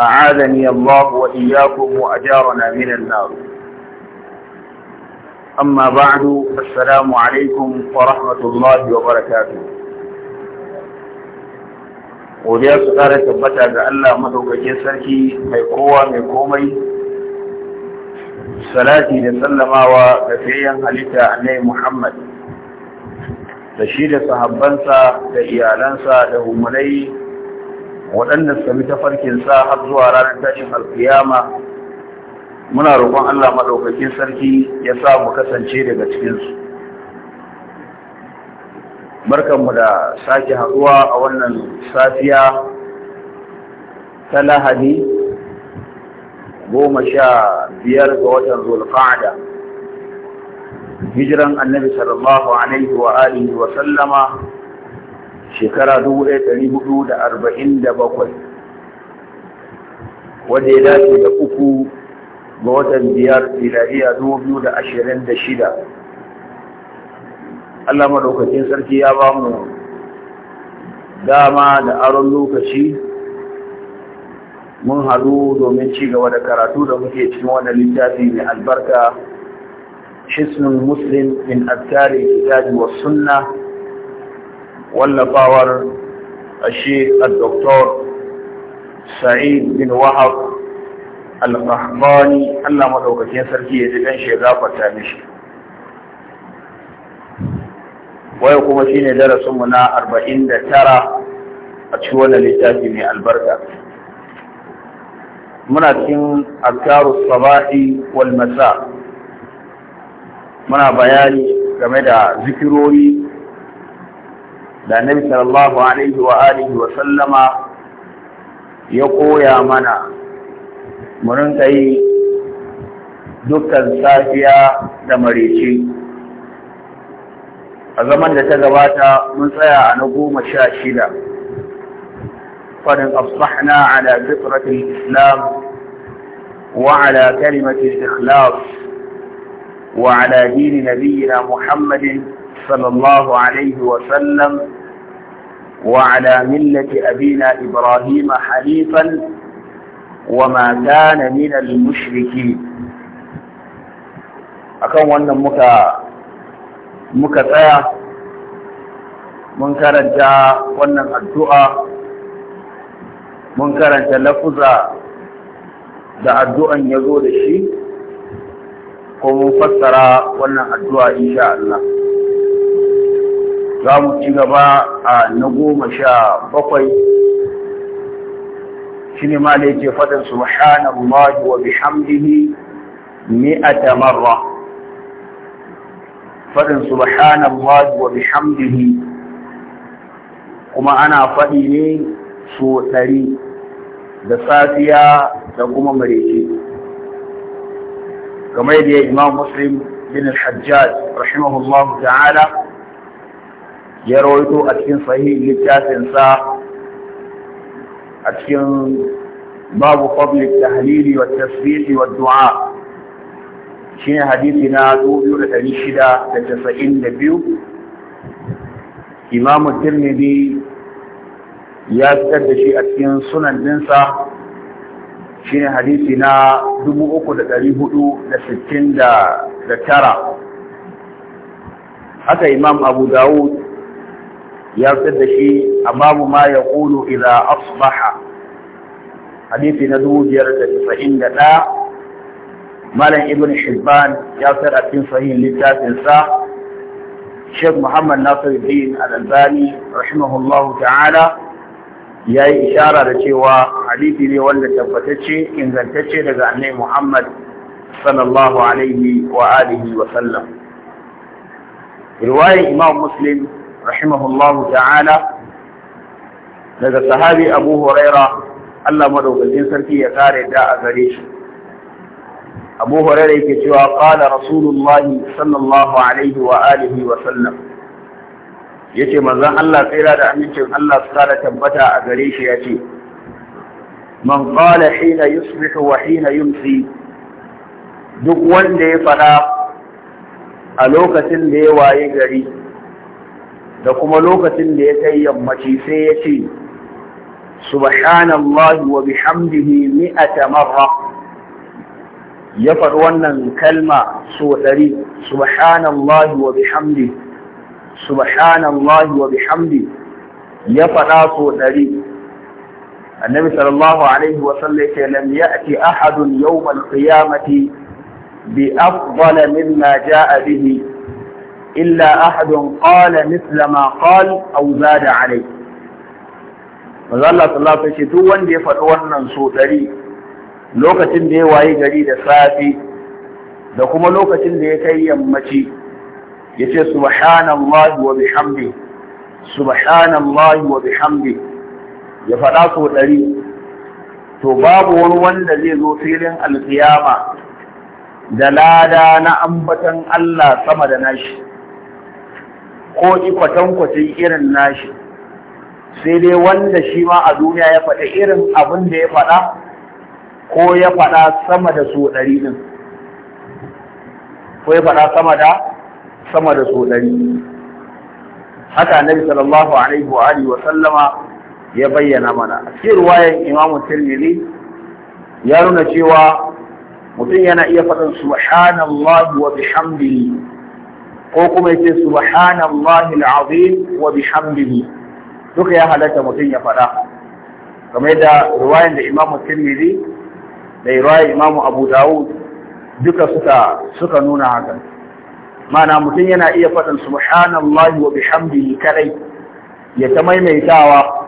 أعاذني الله وإياكم وأجارنا من النار أما بعد فالسلام عليكم ورحمة الله وبركاته godiya su ƙara tabbata ga Allah madaukakin sarki mai kowa mai komai salati da sallamawa ga fiyayyen halitta nai Muhammad da shi da sahabbansa da iyalansa da humulai waɗanda suka bi sa har zuwa ranar tashin alkiyama muna roƙon Allah maɗaukakin sarki ya sa mu kasance daga cikinsu barkanmu da sake haɗuwa a wannan safiya ta lahadi goma sha biyar ga watan zulqa'ada hijiran annabi sallallahu alaihi wa alihi wa sallama shekara 1447 wadda ya dace da uku ga watan biyar filariya 2026 Allah madaukakin sarki ya ba mu dama da aron lokaci mun haɗu domin ci gaba da karatu da muke cikin wannan littafi mai albarka hisnul muslim in azkari kitabi wa sunna. wallafawar ashe a doktor sa'id bin wahab al-rahmani Allah madaukakin sarki ya ji kan shi ta mishi waya kuma shine darasin mu na 49 a cikin wannan littafi mai albarka muna cikin akaru sabahi wal masa muna bayani game da zikirori النبي صلى الله عليه وآله وسلم يقول يا منا مننتي دكتن سافيا دمريشي أزمان لتغباتا منطيا نقوم شاشدا فلن أصبحنا على فطرة الإسلام وعلى كلمة الإخلاص وعلى دين نبينا محمد صلى الله عليه وسلم وعلى ملة أبينا إبراهيم حنيفا وما كان من المشركين akan wannan muka muka tsaya mun karanta wannan addu'a mun karanta lafuza da addu'an ya zo da shi ko mun fassara wannan addu'a insha Allah za mu ci gaba a na goma sha bakwai shi ne ma da yake faɗin subhanallahi wa bihamdihi mi'ata marra faɗin subhanallahi wa bihamdihi kuma ana faɗi ne su ɗari da safiya da kuma marece kamar yadda imam muslim bin al-hajjaj rahimahullahu ta'ala ya rawaito a cikin sahihin littafinsa a cikin babu fadli tahlili wa tasbihi wa du'a ne hadisi na 2692 Imam Tirmidhi ya fitar da shi a cikin sunan dinsa ne hadisi na 3469 haka Imam Abu Dawud ya fitar da shi amamu ma ya ƙulu idza asbaha Hadithi na dubu biyar da tisa'in da ɗaya malam ibn shibban ya fitar a cikin sahihin littafinsa Sheikh Muhammad Nasiruddin Al-Albani rahimahullahu ta'ala ya yi ishara da cewa hadisi ne wanda tabbatacce ingantacce daga annai Muhammad sallallahu alaihi wa alihi wa sallam. Riwayar Imam Muslim rahimahullahu ta'ala daga sahabi Abu Huraira Allah madaukakin sarki ya kare da a gare shi Abu Huraira yake cewa qala Rasulullahi sallallahu alaihi wa alihi wa sallam yace manzon Allah tsira da amincin Allah su kara tabbata a gare shi yace man qala hina yusbihu wa hina yumsi duk wanda ya fada a lokacin da ya waye gari da kuma lokacin da ya kai yammaci sai ya ce subhanallahi wa bihamdihi mi'ata marra ya faɗi wannan kalma so ɗari subhanallahi wa bihamdi subhanallahi wa bihamdi ya faɗa so ɗari annabi sallallahu alaihi wa sallam ya lam ya'ti ahadun yawm al-qiyamati bi afdala mimma ja'a bihi إلا أحد قال مثل ما قال أو زاد عليه maza Allah sallallahu duk wanda ya faɗi wannan so ɗari lokacin da ya waye gari da safi da kuma lokacin da ya kai yammaci yace subhanallahi wa bihamdi subhanallahi wa bihamdi ya faɗa so ɗari to babu wani wanda zai zo filin alkiyama da lada na ambatan Allah sama da nashi ko kwatankwacin irin nashi sai dai wanda shi ma a duniya ya faɗa irin abin da ya faɗa ko ya faɗa sama da so ɗari ɗin ko ya faɗa sama da sama da so ɗari haka annabi sallallahu alaihi wa alihi wa sallama ya bayyana mana a cikin ruwayan imamu tirmidhi ya nuna cewa mutum yana iya faɗin subhanallahi wa bihamdihi ko kuma ya ce subhanallahi al'azim wa bihamdihi duka ya halatta mutum ya faɗa kamar yadda ruwayan da Imam Tirmidhi da ruwayan Imam Abu Dawud duka suka suka nuna haka Ma'ana mutum yana iya faɗin subhanallahi wa bihamdihi kadai ya ta maimaitawa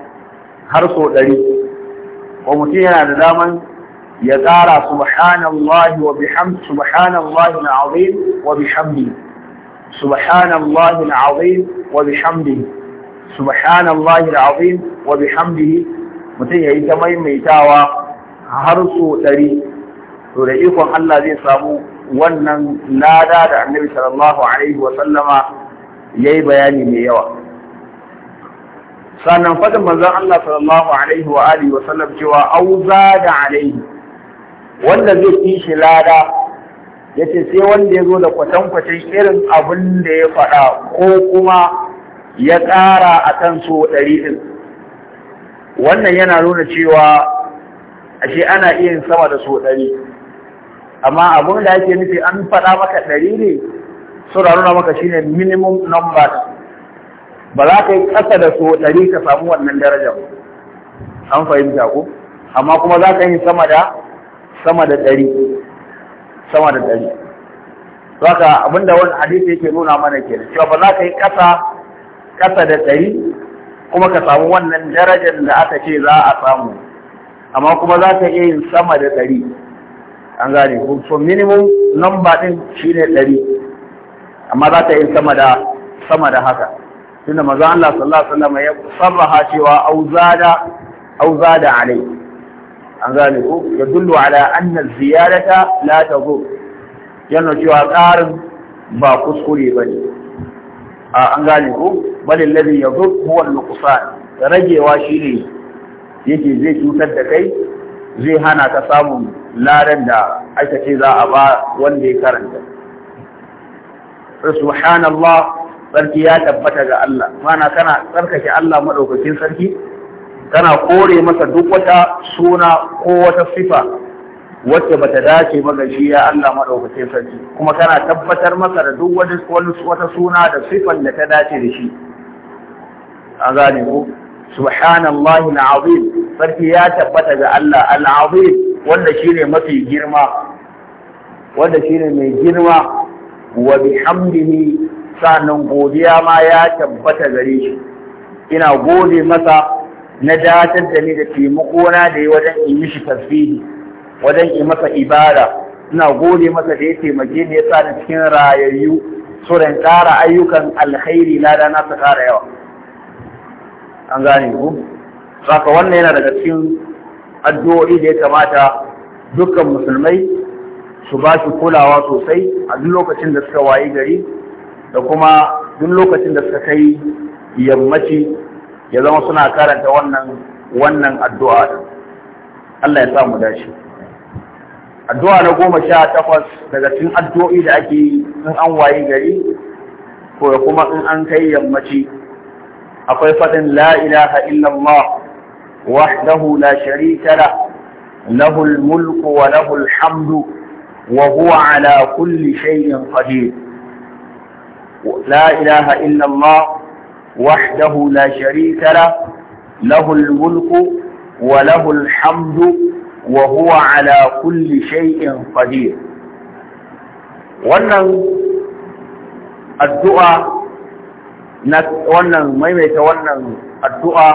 har so ɗari ko mutum yana da daman ya tsara subhanallahi wa bihamdihi subhanallahi al'azim wa bihamdihi سبحان الله العظيم وبحمده سبحان الله العظيم وبحمده mutum ya yi ta maimaitawa har so ɗari to da ikon Allah zai samu wannan lada da annabi sallallahu alaihi wa sallama ya yi bayani mai yawa sannan fadin manzon Allah sallallahu alaihi wa alihi wa sallam cewa auza da alaihi wanda zai fi shi lada ya ce sai wanda ya zo da kwatan kwatankwacin irin abin da ya faɗa ko kuma ya ƙara a kan so ɗari ɗin wannan yana nuna cewa ashe ana iya yin sama da so ɗari amma abin da ake nufi an faɗa maka ɗari ne suna nuna maka shine minimum number ba za ka yi ƙasa da so ɗari ka samu wannan darajar an fahimta ko amma kuma za ka yi sama da sama da ɗari sama da dari saka abinda wani hadisi yake nuna mana kenan cewa ba za ka yi ƙasa ƙasa da ɗari kuma ka samu wannan darajar da aka ce za a samu amma kuma za ka iya yin sama da ɗari an gane ko so minimum number ɗin shine ɗari amma za ka yi sama da sama da haka tunda manzo Allah sallallahu alaihi wasallam ya sarraha cewa auzada auzada alai an gane ko ya dullu ala anna ziyarata la tazo yana cewa Karin ba kuskure ba ne a an gane ko balin ladin ya zo huwan nukusa ragewa shi ne yake zai cutar da kai zai hana ka samun ladan da aka ce za a ba wanda ya karanta subhanallah sarki ya tabbata ga Allah mana kana tsarkake Allah madaukakin sarki Kana kore masa duk wata suna ko wata sifa wacce ba ta dace ba ga shi ya Allah madaukakin sarki kuma tana tabbatar masa da duk wani wata suna da sifan da ta dace da shi a gane ko subhanallahi alazim sarki ya tabbata ga Allah alazim wanda shine mafi girma wanda shine mai girma wa bihamdihi sanan godiya ma ya tabbata gare shi ina gode masa na datar da ni da taimakona da yi wajen in mishi tasbihi wajen in masa ibada ina gode masa da ya taimake ni ya sa ni cikin rayayyu so da ƙara ayyukan alkhairi da na su ƙara yawa an gane ku saka wannan yana daga cikin addu'o'i da ya kamata dukkan musulmai su ba shi kulawa sosai a duk lokacin da suka wayi gari da kuma duk lokacin da suka kai yammaci ya zama suna karanta wannan wannan addu'a Allah ya samu dashi addu'a na goma sha takwas daga cikin addu'o'i da ake yi in an waye gari ko kuma in an kai yammaci akwai faɗin la ilaha illallah wahdahu la sharika la lahul mulku wa lahul hamdu wa huwa ala kulli shay'in qadir la ilaha illallah وحده لا شريك له له الملك وله الحمد وهو على كل شيء قدير wannan addu'a na wannan maimaita wannan addu'a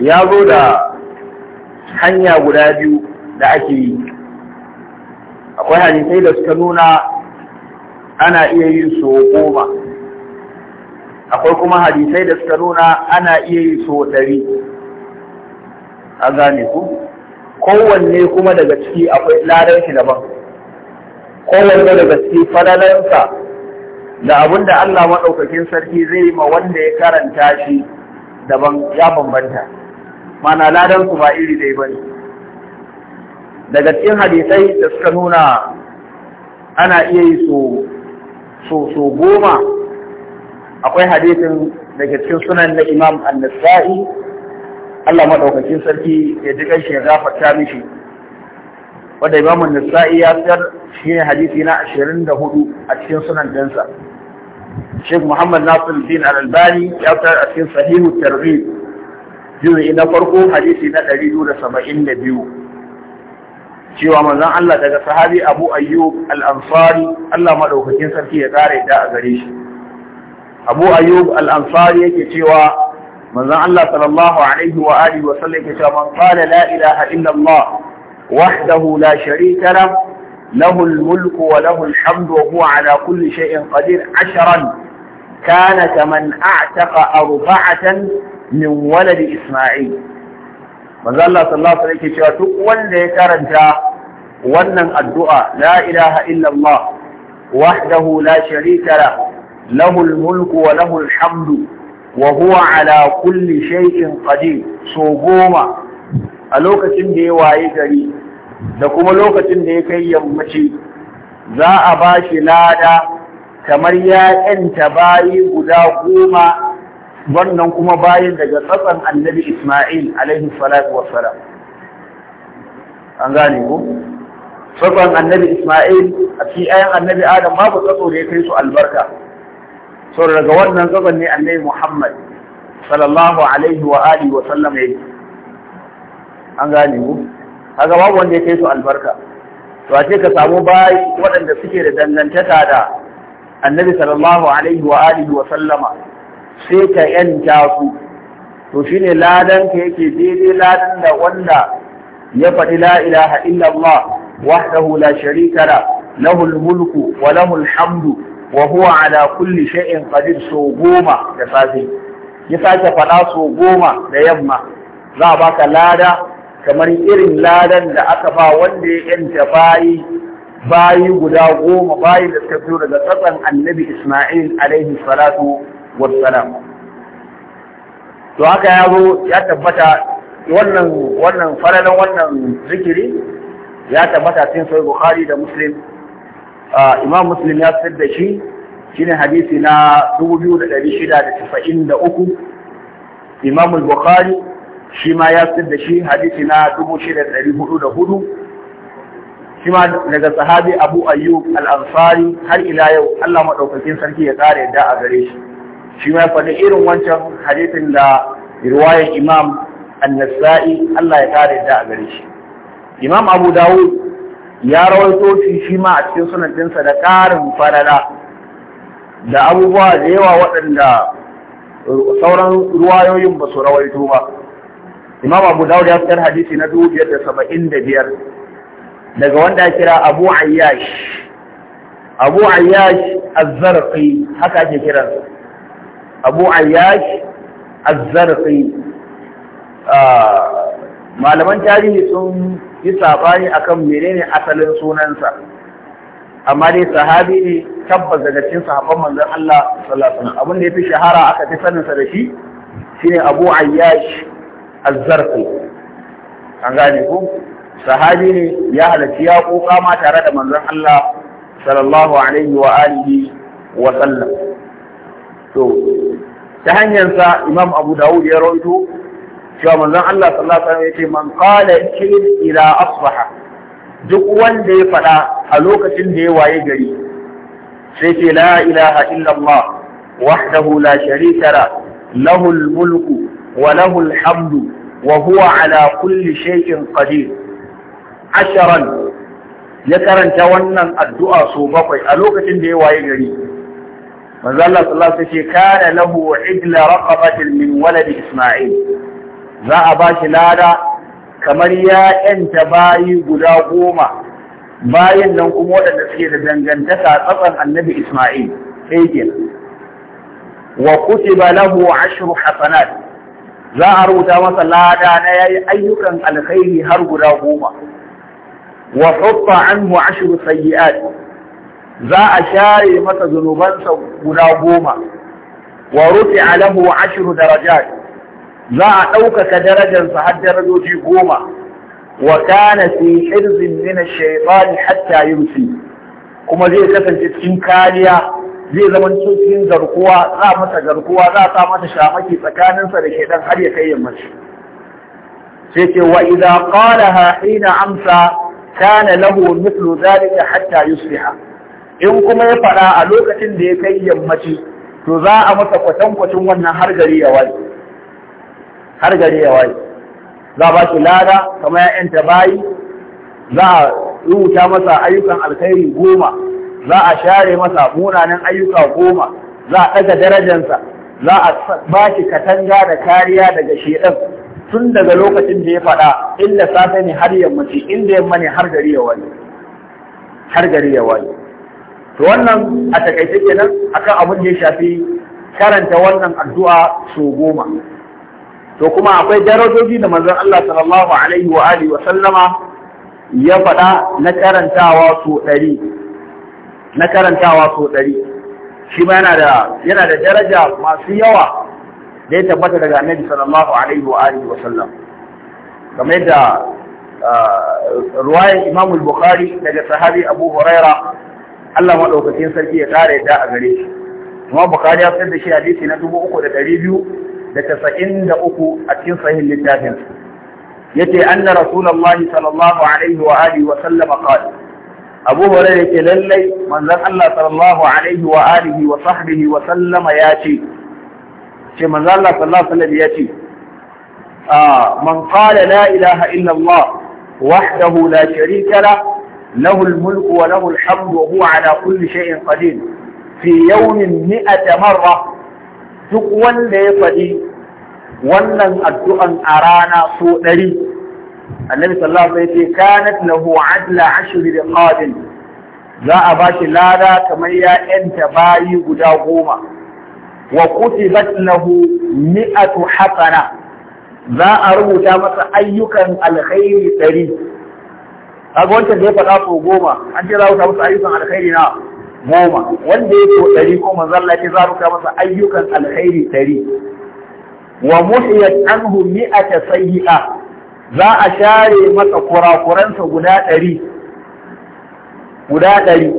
ya zo da hanya guda biyu da ake yi akwai hadisai da suka nuna ana iya yin so goma akwai kuma hadisai da suka nuna ana iya yi so ɗari a gane ku kowanne kuma daga ciki akwai ladan shi daban kowanne daga ciki falalansa da abin da Allah maɗaukakin sarki zai ma wanda ya karanta shi daban ya bambanta mana ladan ku ba iri dai bane daga cikin hadisai da suka nuna ana iya yi so so goma akwai hadisin daga cikin sunan na imam an-nasa'i Allah maɗaukakin sarki ya ji kanshi ya gafarta mishi wanda imam an ya ya shi ne hadisi na ashirin da hudu a cikin sunan ɗinsa. Sheikh Muhammad Nasir Din Al-Albani ya fitar a cikin sahihu targhib juz'i na farko hadisi na ɗari da da biyu. cewa manzon Allah daga sahabi Abu Ayyub Al-Ansari Allah maɗaukakin sarki ya kare yadda a gare shi abu ayyub al’amfari yake cewa manzan Allah sallallahu Alaihi wa Ali wasallai yake cewa man fara la’ila a illallah wahdahu la sharikara lahul mulku wa lahul wa huwa ala kulli shay'in qadir asharan kana kaman a'taqa arba'atan min walad isma'il manzo Allah sallallahu alaihi wasallam cewa duk wanda ya karanta wannan addu'a la ilaha illa allah wahdahu la sharika lahu له الملك وله الحمد وهو على كل شيء قدير so goma a lokacin da ya waye gari da kuma lokacin da ya kai yammaci za a ba shi lada kamar ya bayi guda goma wannan kuma bayin daga tsatsan annabi Ismail alaihi salatu wassalam an gane ko tsatsan annabi Ismail a cikin annabi Adam babu tsatso da ya kai su albarka so daga wannan gaban ne annabi Muhammad sallallahu alaihi wa alihi wa sallam yayi an gane mu. A babu wanda ya kai su albarka to a ce ka samu bayi waɗanda suke da dangantaka da annabi sallallahu alaihi wa alihi wa sallama sai ka yanta su to shine ladan ka yake daidai ladan da wanda ya faɗi la ilaha illallah wahdahu la sharika la lahul mulku wa lahul hamdu wa huwa ala kulli shay'in qadir so goma da safe ya sake faɗa so goma da yamma za a ka lada kamar irin ladan da aka ba wanda ya yanta bayi bayi guda goma bayi da suka fito daga tsatsan annabi Isma'il alaihi salatu Wa wassalam to haka ya zo ya tabbata wannan wannan faralan wannan zikiri ya tabbata cikin sahih Bukhari da Muslim imam muslim ya fitar da shi shine hadisi na 2693 imam al-bukhari shi ma ya fitar da shi hadisi na 6404 shi ma daga sahabi abu ayyub al-ansari har ila yau Allah madaukakin sarki ya kare yadda a gare shi shi ma faɗi irin wancan hadisin da riwayar imam an-nasa'i Allah ya kare yadda a gare shi imam abu dawud ya rawaito shi shi ma a cikin sunan da ƙarin farada. da abubuwa da yawa waɗanda sauran ruwayoyin ba su rawaito ba imam abu dawud ya fitar hadisi na dubu biyar da saba'in da biyar daga wanda kira abu ayyash abu ayyash azzarqi haka ake kiran. abu ayyash azzarqi ah, malaman tarihi sun yi sabani akan menene asalin sunansa amma dai sahabi ne tabbas daga cikin sahabban manzon Allah sallallahu alaihi wasallam abin da yafi shahara aka fi sanin sa da shi shine Abu Ayyash Az-Zarqi an gane ko sahabi ne ya halarci ya koka ma tare da manzon Allah sallallahu alaihi wa alihi wa sallam to ta hanyar sa Imam Abu Dawud ya rawaito cewa manzon Allah sallallahu alaihi wasallam yace man qala kayd ila asbaha duk wanda ya faɗa a lokacin da ya waye gari sai ce la ilaha illallah wahdahu la sharika la lahul mulku wa lahul hamdu wa huwa ala kulli shay'in qadir asharan ya karanta wannan addu'a so bakwai a lokacin da ya waye gari. Manzo Allah sallallahu alaihi wasallam ce kana lahu idla raqabatin min waladi Isma'il. za a ba shi lada kamar 'ya'yanta bayi guda goma bayan nan kuma waɗanda suke da dangantaka tsatsan annabi Ismail sai ke wa kutiba lahu ashru hasanat za a rubuta masa lada na yayi ayyukan alkhairi har guda goma wa hutta anhu ashru sayyi'at za a share masa zunubansa guda goma wa rufi'a lahu ashru darajat za a ɗaukaka darajarsa har darajoji goma wa kana fi hirzin min ash-shaytan hatta yumsi kuma zai kasance cikin kariya zai zama cikin garkuwa za masa garkuwa za sa masa shamaki tsakaninsa da shaytan har ya kai yammaci sai ce wa idza qalaha hina amsa kana lahu mithlu dhalika hatta yusbiha in kuma ya fada a lokacin da ya kai yammaci to za a masa kwatankwacin wannan har gari ya wani har gari ya waye za a ba shi lada kamar 'ya'yanta bayi za a rubuta masa ayyukan alkhairi goma za a share masa munanan ayyuka goma za a ɗaga darajansa za a ba shi katanga da kariya daga shedan tun daga lokacin da ya faɗa inda safe ne har yammaci inda yamma ne har gari ya waye har gari ya waye to wannan a takaice kenan akan abin da ya shafi karanta wannan addu'a so goma to kuma akwai darajoji da manzon Allah sallallahu alaihi wa alihi wa sallama ya faɗa na karantawa so ɗari na karantawa so ɗari shi ma yana da yana da daraja masu yawa da ya tabbata daga annabi sallallahu alaihi wa alihi wa sallam kamar yadda ah, ruwayar imam al-bukhari daga sahabi abu huraira Allah madaukakin sarki ya kare yadda a gare shi kuma bukhari ya fitar da shi hadisi na biyu. da sa'in da uku a cikin sahihin littafin Ya ce an na rasulullahi sallallahu alaihi wa alihi wa sallam qala Abu Hurairah ke lallai manzon Allah sallallahu alaihi wa alihi wa sahbihi wa sallama ya ce ce manzon Allah sallallahu alaihi wa sallam ya ce ah, man qala la ilaha illa Allah wahdahu la sharika lahu له الملك وله الحمد وهو على كل شيء قدير في يوم مئة مرة duk wanda ya faɗi wannan addu'an a rana so ɗari annabi sallallahu alaihi wasallam kanat lahu adla da riqabin za a bashi lada kamar ya yanta bayi guda goma wa kutibat lahu mi'atu hasana za a rubuta masa ayyukan alkhairi ɗari kaga wancan da ya faɗa so goma an ce za a rubuta masa ayyukan alkhairi na goma wanda ya ko ɗari ko mazalla ce za masa ayyukan alkhairi ɗari wa muhiyat anhu mi'ata sayyi'a za a share masa kurakuransa guda ɗari guda ɗari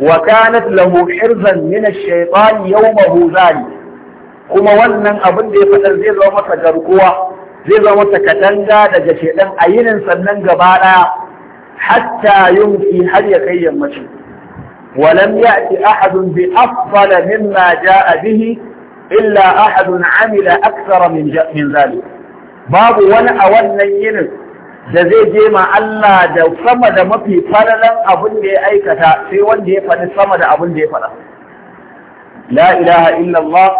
wa kanat lahu hirzan min ash-shaytan yawmahu kuma wannan abin da ya fadar zai zama masa garkuwa zai zama masa katanga daga shedan a yinin sannan gaba ɗaya hatta yunfi har ya kai yammacin ولم يأت أحد بأفضل مما جاء به إلا أحد عمل أكثر من, من ذلك باب وانا أولا ينس da zai je ma Allah da sama da mafi falalan abin da ya aikata sai wanda ya faɗi sama da abin da ya faɗa. La ilaha illallah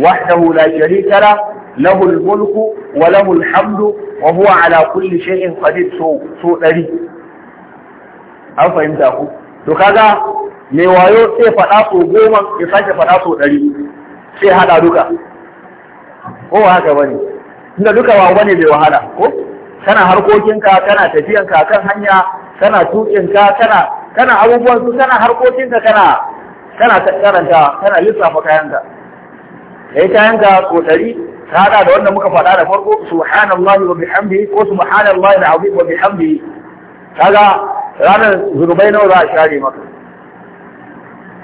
wahdahu la sharika la lahul mulku wa lahul hamdu wa huwa ala kulli shay'in qadir so so dari. An fahimta ku? To kaga mai wayo sai faɗa so goma ya sake faɗa so ɗari sai haɗa duka ko wa haka bane inda duka ba bane mai wahala ko kana harkokinka kana tafiyanka kan hanya kana tuƙinka kana kana abubuwan su kana harkokinka kana kana karanta kana lissafa kayanka kai kayanka ko ɗari ka haɗa da wanda muka faɗa da farko subhanallahi wa bihamdihi ko subhanallahi al-azim wa bihamdihi kaga ranar zurbai nawa za a share maka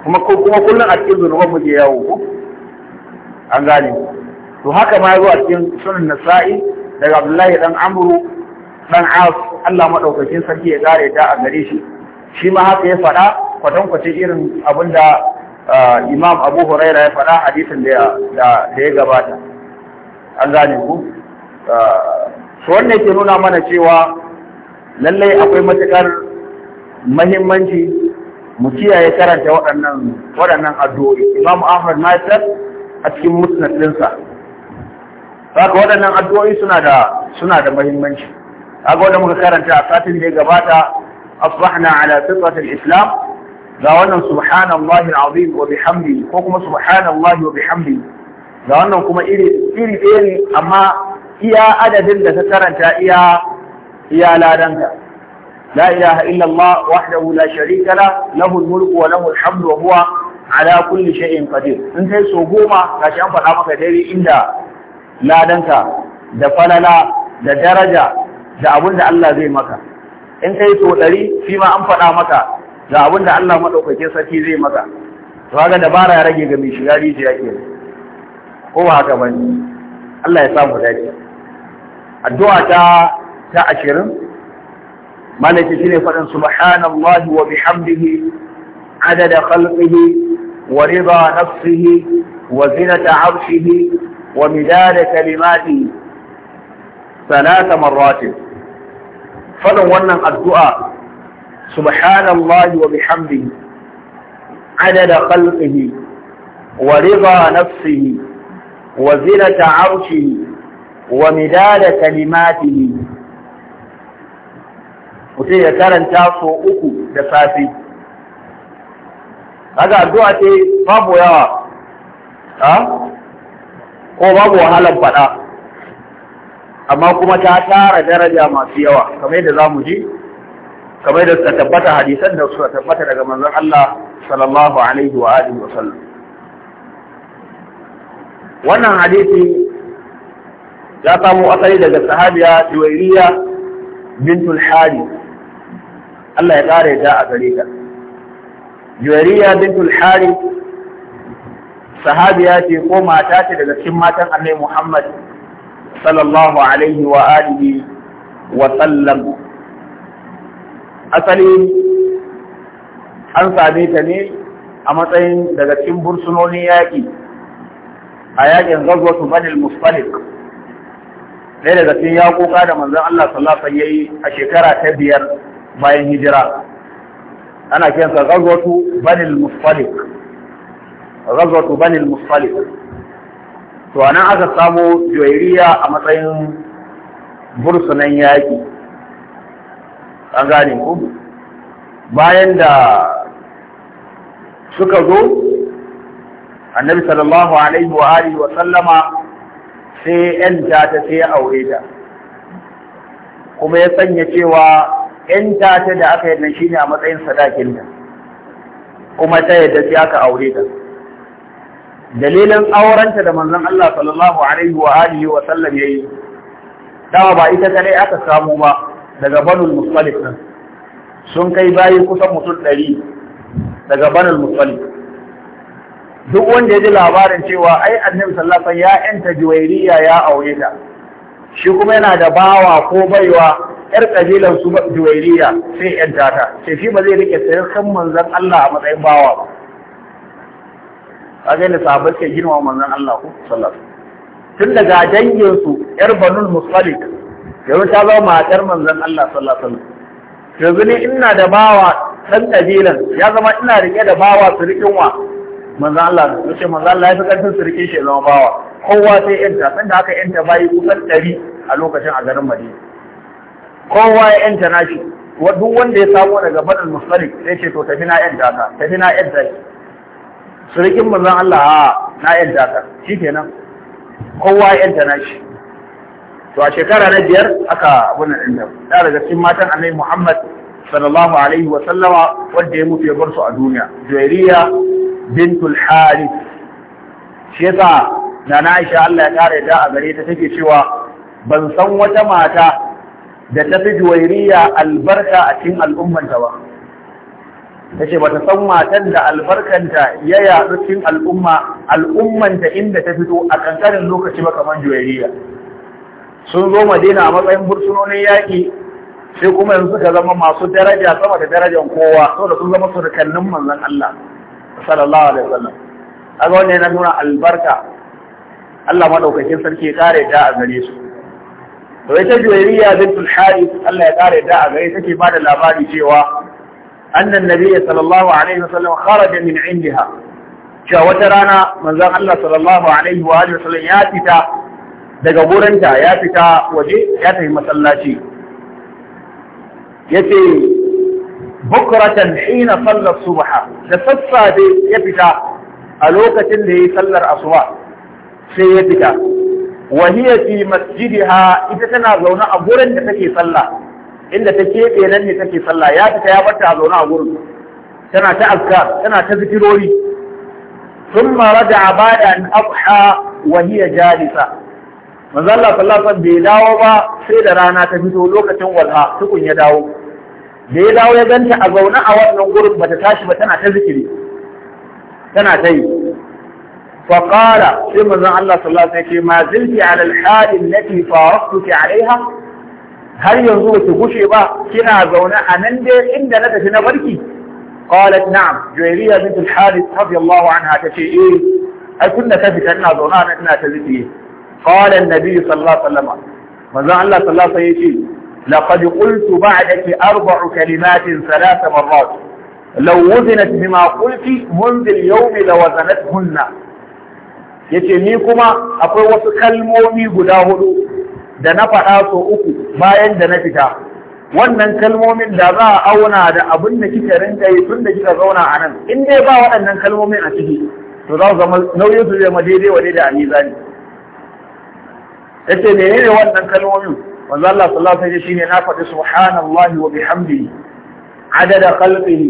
kuma kuma kullum a cikin zunuban muke yawo ko an gane to haka ma zuwa cikin sunan nasa'i daga abdullahi dan amru dan as Allah madaukakin sarki ya kare ta a gare shi shi ma haka ya faɗa kwace irin abinda imam abu huraira ya faɗa hadisin da ya gabata an gane ku su wannan ke nuna mana cewa lallai akwai matuƙar muhimmanci? mu kiyaye karanta waɗannan waɗannan addu'o'i Imam Ahmad Nasir a cikin musnad ɗinsa saka waɗannan addu'o'i suna da suna da muhimmanci kaga wanda muka karanta a satin da ya gabata asbahna ala fitratil islam ga wannan subhanallahi alazim wa bihamdi ko kuma subhanallahi wa bihamdi ga wannan kuma iri iri iri amma iya adadin da ka karanta iya iya ladanka لا إله إلا الله وحده لا شريك له له الملك وله الحمد وهو على كل شيء قدير انت سوغوما gashi an faɗa maka dai inda ladanka da falala da daraja da abin Allah zai maka in kai so ɗari shi ma an faɗa maka da abin da Allah madaukakin sarki zai maka to kaga dabara ya rage ga mai shiga rijiya ke ko ba haka Allah ya samu addu'a ta ta 20 malaka shine faɗin subhanallahi wa bihamdihi adada khalqihi wa rida nafsihi wa zinata arshihi wa midada kalimatihi ثلاث مرات فلن ونن الدعاء سبحان الله وبحمده عدد خلقه ورضا نفسه وزنة عرشه ومداد كلماته mutum ya karanta so uku da safe kaga addu'a ce babu yawa ha ko babu wahalan faɗa amma kuma ta tara daraja masu yawa kamar yadda za mu ji kamar yadda suka tabbata hadisan da suka tabbata daga manzon Allah sallallahu alaihi wa alihi wa sallam wannan hadisi ya samu asali daga sahabiya Juwairiya bintul hari Allah ya ƙara yadda a gare ta juwariya bintul hari sahabiya ce ko mata ce daga cikin matan annai muhammad sallallahu alaihi wa alihi wa sallam asali an same ta ne a matsayin daga cikin bursunonin yaƙi a yaƙin gazuwa banil musfalik ɗaya daga cikin yaƙoƙa da manzon Allah sallallahu alaihi yayi a shekara ta biyar bayan hijira ana kiyansa ghazwatu banil mustaliq ghazwatu banil mustaliq to anan aka samu joyiriya a matsayin bursunan yaƙi an gane ku bayan da suka zo annabi sallallahu alaihi wa alihi wa sallama sai ‘yanta ta sai aure ta kuma ya sanya cewa ‘yanta ta da aka yadda shi ne a matsayin sadakin da, kuma ta yadda sai aka aure ta dalilin aurenta da manzon Allah sallallahu alaihi wa alihi wa sallam yayi dawa ba ita kadai aka samu ba daga banul musallif sun kai bayi kusan mutum ɗari daga banul musallif duk wanda ya ji labarin cewa ai annabi sallallahu alaihi wasallam ya yanta juwairiya ya aure ta shi kuma yana da bawa ko baiwa yar kabilan su juwairiya sai yanta ta sai shi ba zai rike kan manzon Allah a matsayin bawa ba kaga ne sahabbai ke girma manzon Allah ko sallallahu tun daga dangin su yar banul musalik yanzu ta zama matar manzon Allah sallallahu alaihi wasallam yanzu ne ina da bawa dan kabilan ya zama ina rike da bawa su rikinwa wa manzan Allah ya ce manzan Allah ya fi karfin su shi ya zama bawa kowa sai yanta san da aka yanta bayi kusan ɗari a lokacin a garin Madina kowa ya yanta nashi duk wanda ya samu daga badal musalik sai ce to tafi na yanta ka tafi na yanta ki surikin manzan Allah na yanta ka shikenan kowa ya yanta nashi to a shekara na biyar aka abun nan da daga cikin matan Annabi Muhammad sallallahu alaihi wa sallama wanda ya mutu ya bar su a duniya Juwairiya bintul harith shi yasa nana Aisha Allah ya kare ta a gare ta take cewa ban san wata mata da ta fi juwairiya albarka a cikin al'ummanta ba ta ce ba ta san matan da albarkanta ya yaɗu cikin al'umma al'ummanta inda ta fito a kankanin lokaci ba kamar juwairiya sun zo madina a matsayin bursunonin yaƙi sai kuma yanzu suka zama masu daraja sama da darajan kowa saboda sun zama surukannin manzon Allah sallallahu alaihi wasallam kaga wannan yana nuna albarka Allah madaukakin sarki ya kare da a gare su to ita juwairiya bintul harith Allah ya kare da a gare take ba da labari cewa annan nabiyyi sallallahu alaihi wasallam kharaja min indiha cewa wata rana manzon Allah sallallahu alaihi wa alihi wasallam ya fita daga gurinta ya fita waje ya tafi masallaci yace bukratan hina sallar subha da sassafe ya fita a lokacin da yayi sallar asuba sai ya fita wa hiya fi masjidiha ita tana zaune a gurin da take sallah inda ta keɓe nan ne take sallah ya fita ya barta a zaune a gurin tana ta azkar tana ta zikirori ثم bada بعد أن أضحى وهي جالسة manzo Allah sallallahu alaihi wasallam bai dawo ba sai da rana ta fito lokacin walha tukun ya dawo da ya dawo ya ganta a zaune a wannan gurin bata tashi ba tana ta zikiri tana ta yi fa qala sai manzon Allah sallallahu alaihi wasallam ma zilti ala al-hal allati faraqtuki alaiha har yanzu baki gushe ba kina zaune a nan dai inda na tafi na barki qalat na'am juwayriya bint al-harith radiyallahu anha tace eh ai kunna ta fita ina zaune a nan ina ta zikiri qala an-nabi sallallahu alaihi wasallam manzon Allah sallallahu alaihi wasallam لقد قلت بعدك أربع كلمات ثلاث مرات لو وزنت بما قلت منذ اليوم لوزنتهن yace ni kuma akwai wasu kalmomi guda hudu da na faɗa so uku bayan da na fita wannan kalmomin da za a auna da abin da kika rinka yi tun da kika zauna a nan in dai ba waɗannan kalmomin a ciki to za su zama nauyin su zai ma daidai wa daidai a mizani yace menene wannan kalmomin manzo Allah sallallahu alaihi wasallam shine na faɗi subhanallahi wa bihamdihi adada khalqihi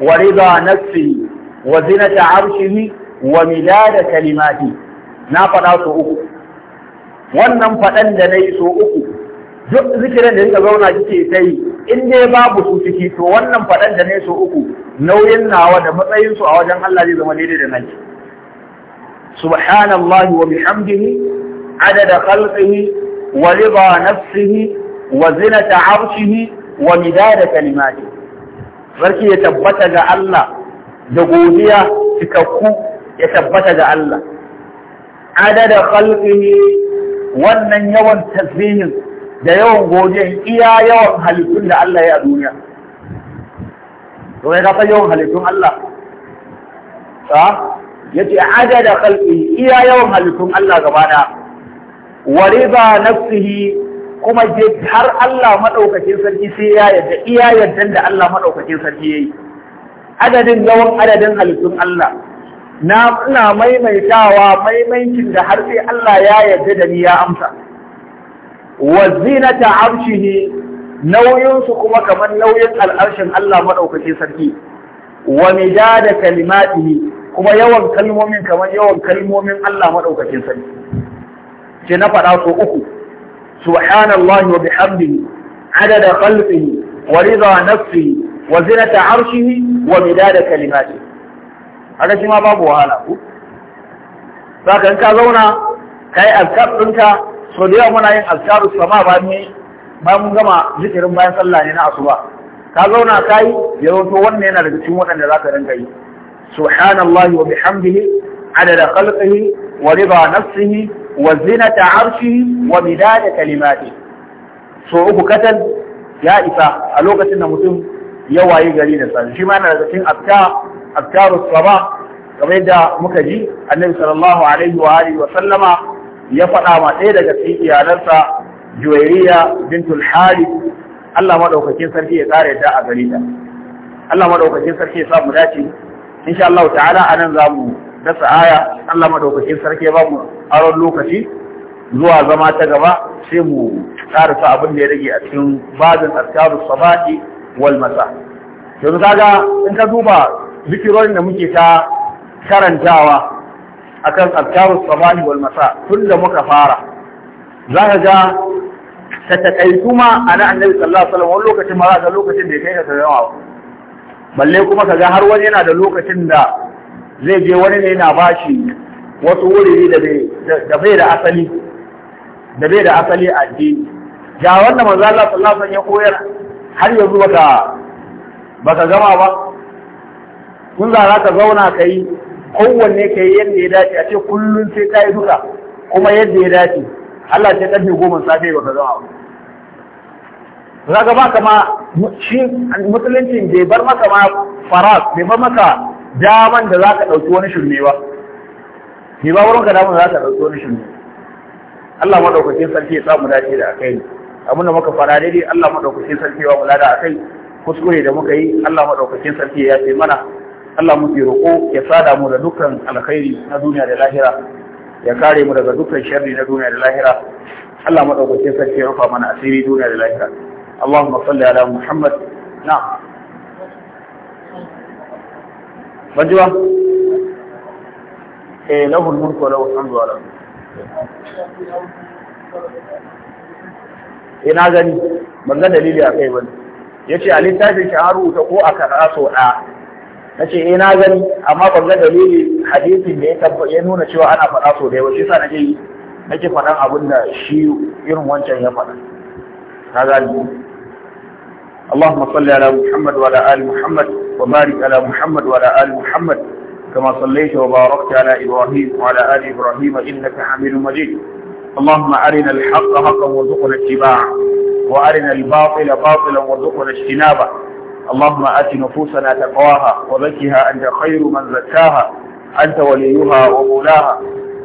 wa rida nafsihi wa zinata arshihi wa midada kalimati na faɗa so uku wannan faɗan da nayi so uku duk zikirin da kika zauna kike ta in dai babu su ciki to wannan faɗan da nayi so uku nauyin nawa da matsayin su a wajen Allah zai zama daidai da nake subhanallahi wa bihamdihi adada khalqihi ورضا نفسه وزنة عرشه ومداد كلماته sarki ya tabbata ga Allah da godiya cikakku ya tabbata ga Allah adada khalqihi wannan yawan tasbihin da yawan godiyan iya yawan halittun da Allah ya a duniya to ya yawan halittun Allah ta yace adada yawan halittun Allah wa riba nafsihi kuma je har Allah maɗaukakin sarki sai ya yarda iya yardan da Allah maɗaukakin sarki yi. adadin yawan adadin halittun Allah na ina maimaitawa maimaicin da har sai Allah ya yarda da ni ya amsa wa zinata arshihi nauyinsu kuma kamar nauyin al'arshin Allah maɗaukakin sarki wa midada kalimatihi kuma yawan kalmomin kamar yawan kalmomin Allah maɗaukakin sarki ce na faɗa so uku subhanallahi wa bihamdihi adada khalqihi wa rida nafsihi wa zinata arshihi wa midada kalimati haka shi ma babu wahala ku saka in ka zauna kai azkar ɗinka so da yawa muna yin azkaru sama ba ne bayan mun gama zikirin bayan sallah ne na asuba ka zauna kai ya zo wannan yana daga cikin waɗanda zaka rinka yi subhanallahi wa bihamdihi عدد خلقه ورضا نفسه وزنة عرشه ومداد كلماته سوء كتن يا إفا ألوكة نمتم يوائي قليلا فالجمع نرزتين أبكار أبكار الصباح kamar yadda muka ji annabi sallallahu alaihi wa alihi wa sallama ya faɗa ma ɗaya daga cikin iyalansa Juwairiya bintul Harith Allah madaukakin sarki ya tsare ta a gare ta Allah madaukakin sarki ya sa mu dace insha ta'ala anan zamu dasa aya Allah madaukakin sarki ya bamu mu aron lokaci zuwa zama ta gaba sai mu karasa abin da ya rage a cikin bazin azkaru sabahi wal masa yanzu kaga in ka duba zikirorin da muke ta karantawa akan azkaru sabahi wal masa tun da muka fara za ka ga ta takaitu ma ana annabi sallallahu alaihi wasallam lokacin ma za ka lokacin da ya kai ka zama balle kuma ka ga har wani yana da lokacin da zai je wani ne na bashi wasu wuri da bai da asali da bai da asali a addini ga wanda manzo Allah sallallahu alaihi wasallam ya koyar har yanzu baka baka gama ba kun za ka zauna kai kowanne kai yadda ya dace a ce kullun sai kai duka kuma yadda ya dace Allah sai karfe goma safe baka zama ba zaga ba kama shi musuluncin bai bar maka ma faras bai bar maka daman da za ka ɗauki wani shirme ba ni ba wurin ka daman za ka ɗauki wani shirme Allah maɗaukacin sarki ya samu dace da akai abin da muka fara daidai Allah maɗaukacin sarki ya kula da akai kuskure da muka yi Allah maɗaukacin sarki ya ce mana Allah mu roƙo ya sada mu da dukkan alkhairi na duniya da lahira ya kare mu daga dukkan sharri na duniya da lahira Allah maɗaukacin sarki ya rufa mana asiri duniya da lahira Allahumma salli ala Muhammad na'am ban ji ba eh na mulku wa lahul hamdu wa lahu ina eh, gani ban ga dalili a kai bane ce a littafin shi an rubuta ko a kara sau ɗaya nace eh na gani amma ban ga dalili hadisin da ya tabbata ya nuna cewa ana faɗa sau ɗaya ba shi yasa nake nake faɗan abin da shi irin wancan ya faɗa Na gani اللهم صل على محمد وعلى آل محمد وبارك على محمد وعلى آل محمد كما صليت وباركت على إبراهيم وعلى آل إبراهيم إنك حميد مجيد اللهم أرنا الحق حقا وارزقنا اتباعه وأرنا الباطل باطلا وارزقنا اجتنابه اللهم آت نفوسنا تقواها وزكها أنت خير من زكاها أنت وليها ومولاها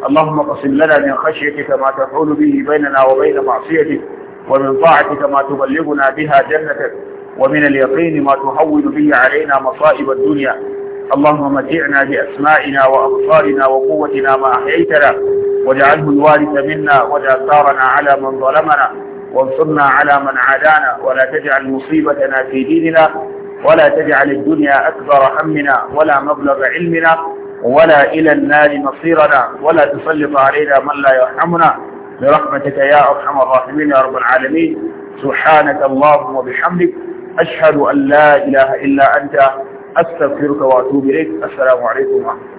اللهم قسم لنا من خشيتك ما تحول به بيننا وبين معصيتك ومن طاعتك ما تبلغنا بها جنتك ومن اليقين ما تهون به علينا مصائب الدنيا اللهم متعنا بأسمائنا وأبصارنا وقوتنا ما أحييتنا واجعله الوارث منا ولا ثارنا على من ظلمنا وانصرنا على من عادانا ولا تجعل مصيبتنا في ديننا ولا تجعل الدنيا أكبر همنا ولا مبلغ علمنا ولا إلى النار مصيرنا ولا تسلط علينا من لا يرحمنا برحمتك يا أرحم الراحمين يا رب العالمين سبحانك اللهم وبحمدك ashhadu an la ilaha illa anta astaghfiruka wa atubu ilaik assalamu alaikum